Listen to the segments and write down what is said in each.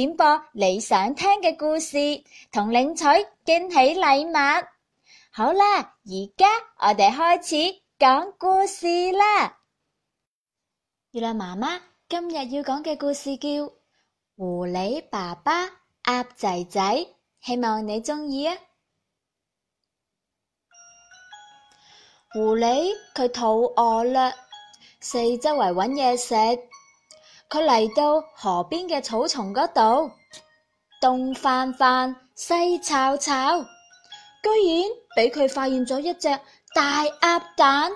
點播你想聽嘅故事，同領取驚喜禮物。好啦，而家我哋開始講故事啦。月亮媽媽今日要講嘅故事叫《狐狸爸爸鴨仔仔》，希望你鍾意啊！狐狸佢肚餓啦，四周圍揾嘢食。佢嚟到河邊嘅草叢嗰度，東翻翻西抄抄，居然俾佢發現咗一隻大鴨蛋。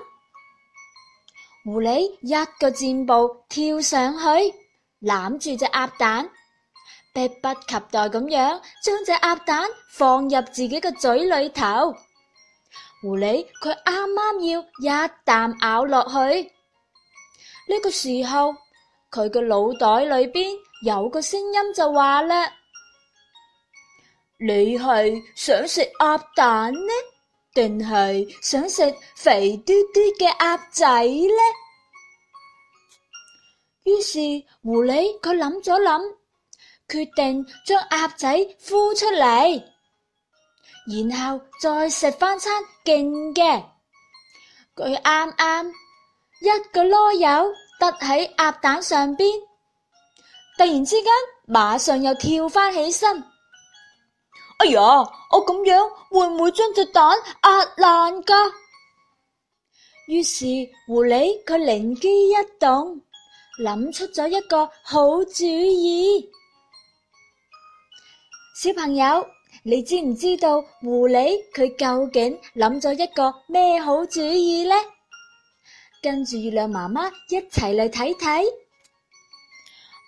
狐狸一個箭步跳上去，攬住隻鴨蛋，迫不及待咁樣將隻鴨蛋放入自己嘅嘴裏頭。狐狸佢啱啱要一啖咬落去，呢個時候。佢嘅腦袋裏邊有個聲音就話啦：你係想食鴨蛋呢，定係想食肥嘟嘟嘅鴨仔呢？於是狐狸佢諗咗諗，決定將鴨仔孵出嚟，然後再食翻餐勁嘅。佢啱啱一個囉柚。突喺鴨蛋上邊，突然之間馬上又跳翻起身。哎呀，我咁樣會唔會將隻蛋壓爛噶？於是狐狸佢靈機一動，諗出咗一個好主意。小朋友，你知唔知道狐狸佢究竟諗咗一個咩好主意呢？跟住月亮媽媽一齊嚟睇睇。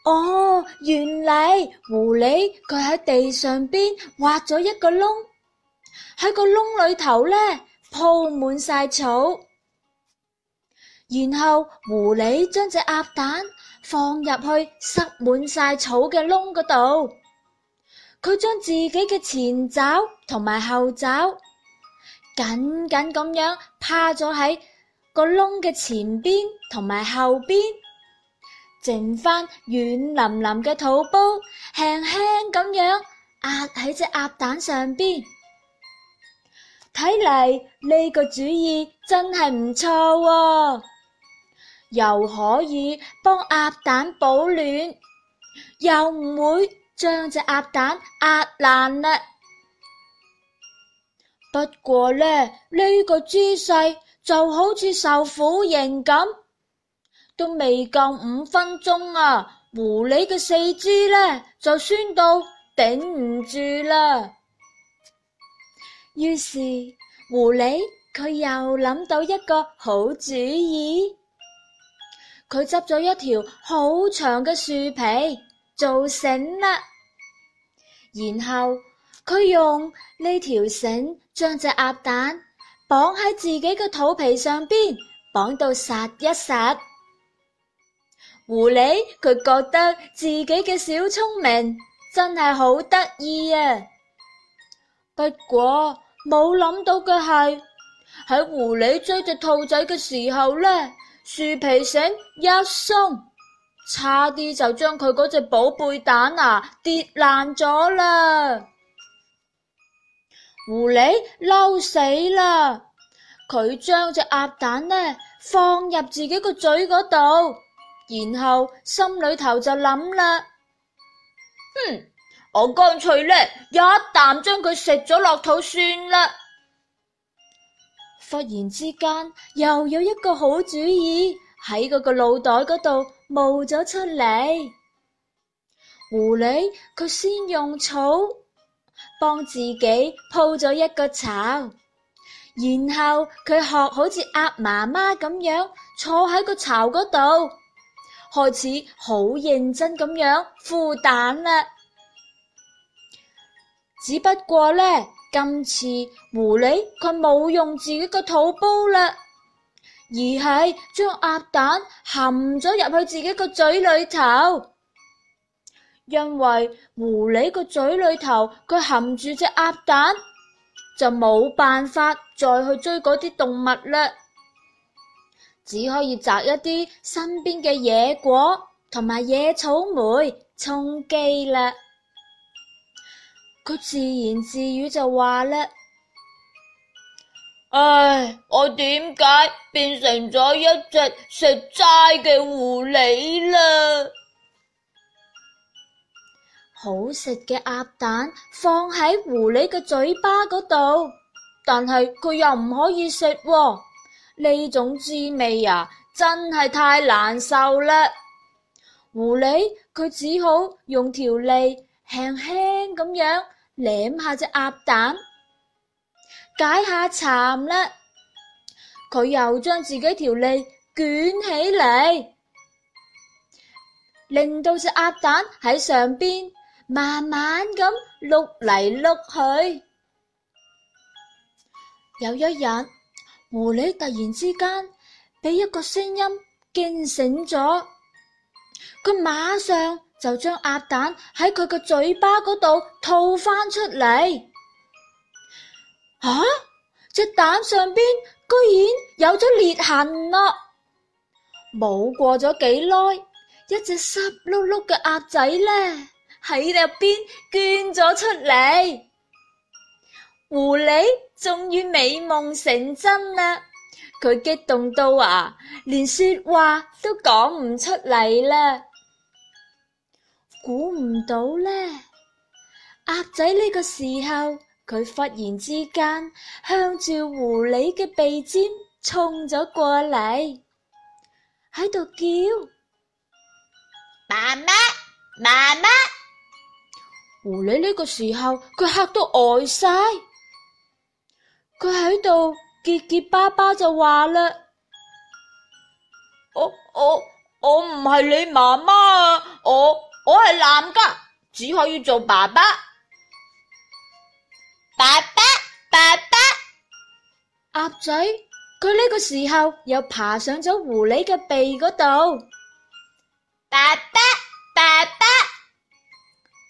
哦，原來狐狸佢喺地上邊挖咗一個窿，喺個窿裏頭咧鋪滿晒草，然後狐狸將隻鴨蛋放入去塞滿晒草嘅窿嗰度，佢將自己嘅前爪同埋後爪緊緊咁樣趴咗喺。個窿嘅前邊同埋後邊，剩翻軟淋淋嘅肚煲，輕輕咁樣壓喺隻鴨蛋上邊。睇嚟，呢個主意真係唔錯，又可以幫鴨蛋保暖，又唔會將隻鴨蛋壓爛啦。不過呢，呢個姿勢。就好似受苦刑咁，都未夠五分鐘啊！狐狸嘅四肢呢就酸到頂唔住啦。於是狐狸佢又諗到一個好主意，佢執咗一條好長嘅樹皮做繩啦，然後佢用呢條繩將隻鴨蛋。綁喺自己嘅肚皮上邊，綁到實一實。狐狸佢覺得自己嘅小聰明真係好得意啊！不過冇諗到嘅係，喺狐狸追隻兔仔嘅時候呢，樹皮繩一鬆，差啲就將佢嗰隻寶貝蛋啊跌爛咗啦！狐狸嬲死啦！佢將隻鴨蛋呢放入自己個嘴嗰度，然後心裏頭就諗啦：哼、嗯，我乾脆呢一啖將佢食咗落肚算啦。忽然之間，又有一個好主意喺嗰個腦袋嗰度冒咗出嚟。狐狸佢先用草。幫自己鋪咗一個巢，然後佢學好似鴨媽媽咁樣坐喺個巢嗰度，開始好認真咁樣孵蛋啦。只不過呢，今次狐狸佢冇用自己個肚煲啦，而係將鴨蛋含咗入去自己個嘴裏頭。因為狐狸個嘴裏頭佢含住隻鴨蛋，就冇辦法再去追嗰啲動物嘞，只可以摘一啲身邊嘅野果同埋野草莓充飢啦。佢自言自語就話嘞：「唉，我點解變成咗一隻食齋嘅狐狸啦？」好食嘅鴨蛋放喺狐狸嘅嘴巴嗰度，但係佢又唔可以食喎。呢種滋味啊！真係太難受啦。狐狸佢只好用條脷輕輕咁樣舐下隻鴨蛋，解下饞啦。佢又將自己條脷捲起嚟，令到隻鴨蛋喺上邊。慢慢咁碌嚟碌去。有一日，狐狸突然之間俾一個聲音驚醒咗，佢馬上就將鴨蛋喺佢個嘴巴嗰度吐翻出嚟。吓、啊，隻蛋上邊居然有咗裂痕咯！冇過咗幾耐，一隻濕碌碌嘅鴨仔呢，喺入邊捐咗出嚟，狐狸終於美夢成真啦！佢激動到啊，連說話都講唔出嚟啦。估唔到呢，鴨仔呢個時候，佢忽然之間向住狐狸嘅鼻尖衝咗過嚟，喺度叫，媽媽，媽媽！狐狸呢個時候，佢吓到呆晒，佢喺度結結巴巴就話啦：我我我唔係你媽媽啊，我我係男噶，只可以做爸爸，爸爸爸爸。鴨仔，佢呢個時候又爬上咗狐狸嘅鼻嗰度，爸爸。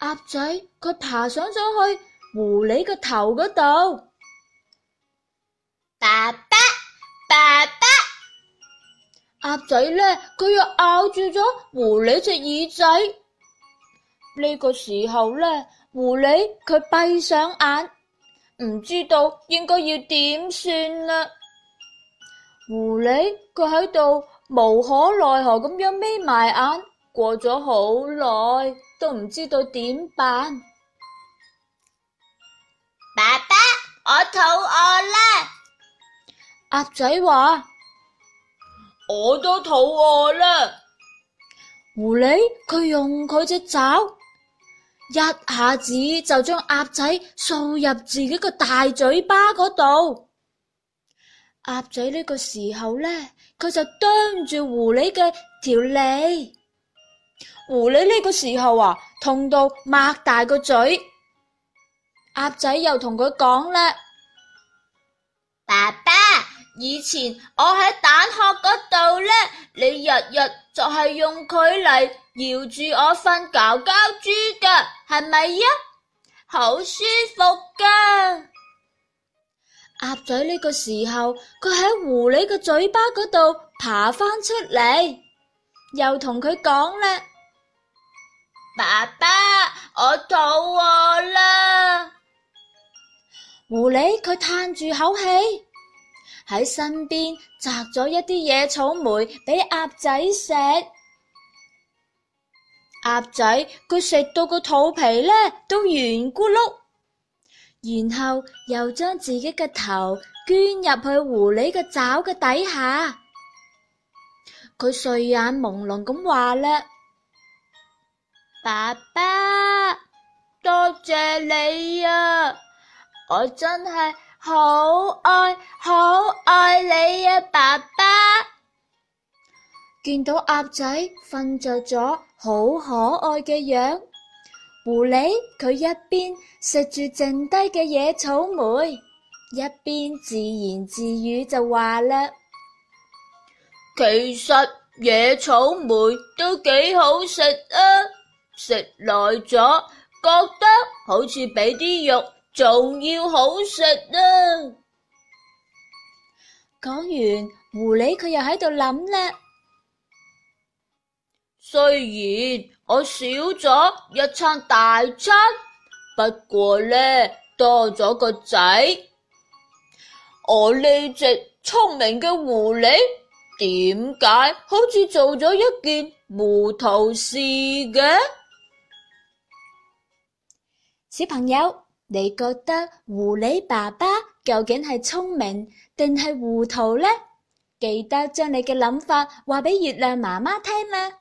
鴨仔佢爬上咗去狐狸個頭嗰度，爸爸爸爸，鴨仔咧佢又咬住咗狐狸隻耳仔。呢個時候咧，狐狸佢閉上眼，唔知道應該要點算啦。狐狸佢喺度無可奈何咁樣眯埋眼，過咗好耐。都唔知道點辦，爸爸，我肚餓啦！鴨仔話：我都肚餓啦。狐狸佢用佢隻爪，一下子就將鴨仔掃入自己個大嘴巴嗰度。鴨仔呢個時候呢，佢就啄住狐狸嘅條脷。狐狸呢個時候啊，痛到擘大個嘴。鴨仔又同佢講咧：爸爸，以前我喺蛋殼嗰度呢，你日日就係用佢嚟搖住我瞓覺覺豬噶，係咪呀？好舒服噶。鴨仔呢個時候，佢喺狐狸嘅嘴巴嗰度爬翻出嚟。又同佢講啦，爸爸，我肚餓啦。狐狸佢嘆住口氣，喺身邊摘咗一啲野草莓俾鴨仔食。鴨仔佢食到個肚皮咧都圓咕碌，然後又將自己嘅頭捐入去狐狸嘅爪嘅底下。佢睡眼朦朧咁話啦，爸爸，多謝你啊，我真係好愛好愛你啊，爸爸。見到鴨仔瞓着咗，好可愛嘅樣。狐狸佢一邊食住剩低嘅野草莓，一邊自言自語就話啦。其實野草莓都幾好食啊，食耐咗覺得好似比啲肉仲要好食啊。講完狐狸，佢又喺度諗咧。雖然我少咗一餐大餐，不過呢，多咗個仔，我呢隻聰明嘅狐狸。點解好似做咗一件糊塗事嘅？小朋友，你覺得狐狸爸爸究竟係聰明定係糊塗呢？記得將你嘅諗法話俾月亮媽媽聽啦。